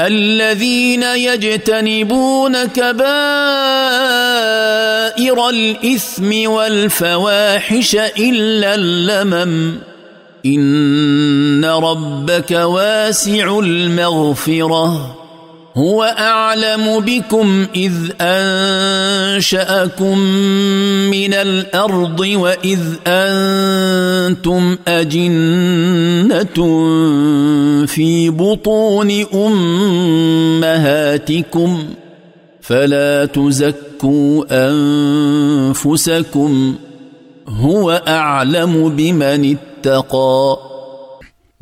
الذين يجتنبون كبائر الاثم والفواحش الا اللمم ان ربك واسع المغفره هو اعلم بكم اذ انشاكم من الارض واذ انتم اجنه في بطون امهاتكم فلا تزكوا انفسكم هو اعلم بمن اتقى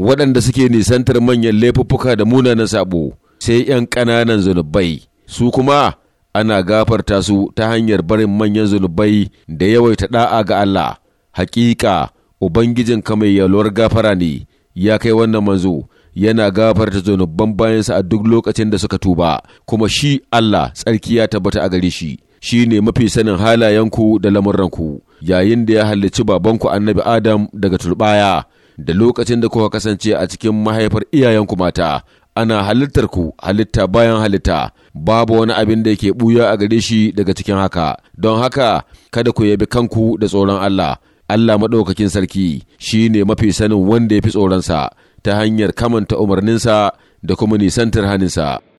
waɗanda suke سنتر من laifuffuka da munanan sabo sai ‘yan ƙananan zunubai, su kuma ana gafarta su ta hanyar barin manyan zunubai da yawaita ɗa'a ga Allah. Hakika, ubangijin mai yalwar gafara ne, ya kai wannan manzo, yana gafarta zunuban bayansa a duk lokacin da suka tuba, kuma shi Allah tsarki ya tabbata a gare shi. Shi ne mafi sanin halayenku da lamurranku, yayin da ya halicci babanku annabi Adam daga tulbaya, da lokacin da kuka kasance a cikin mahaifar iyayenku mata, ana halittar ku halitta bayan halitta babu wani abin da yake buya a gare shi daga cikin haka don haka kada ku yabi kanku da tsoron Allah Allah maɗaukakin sarki shi ne mafi sanin wanda ya fi tsoronsa ta hanyar kamanta umarninsa da kuma nisantar haninsa.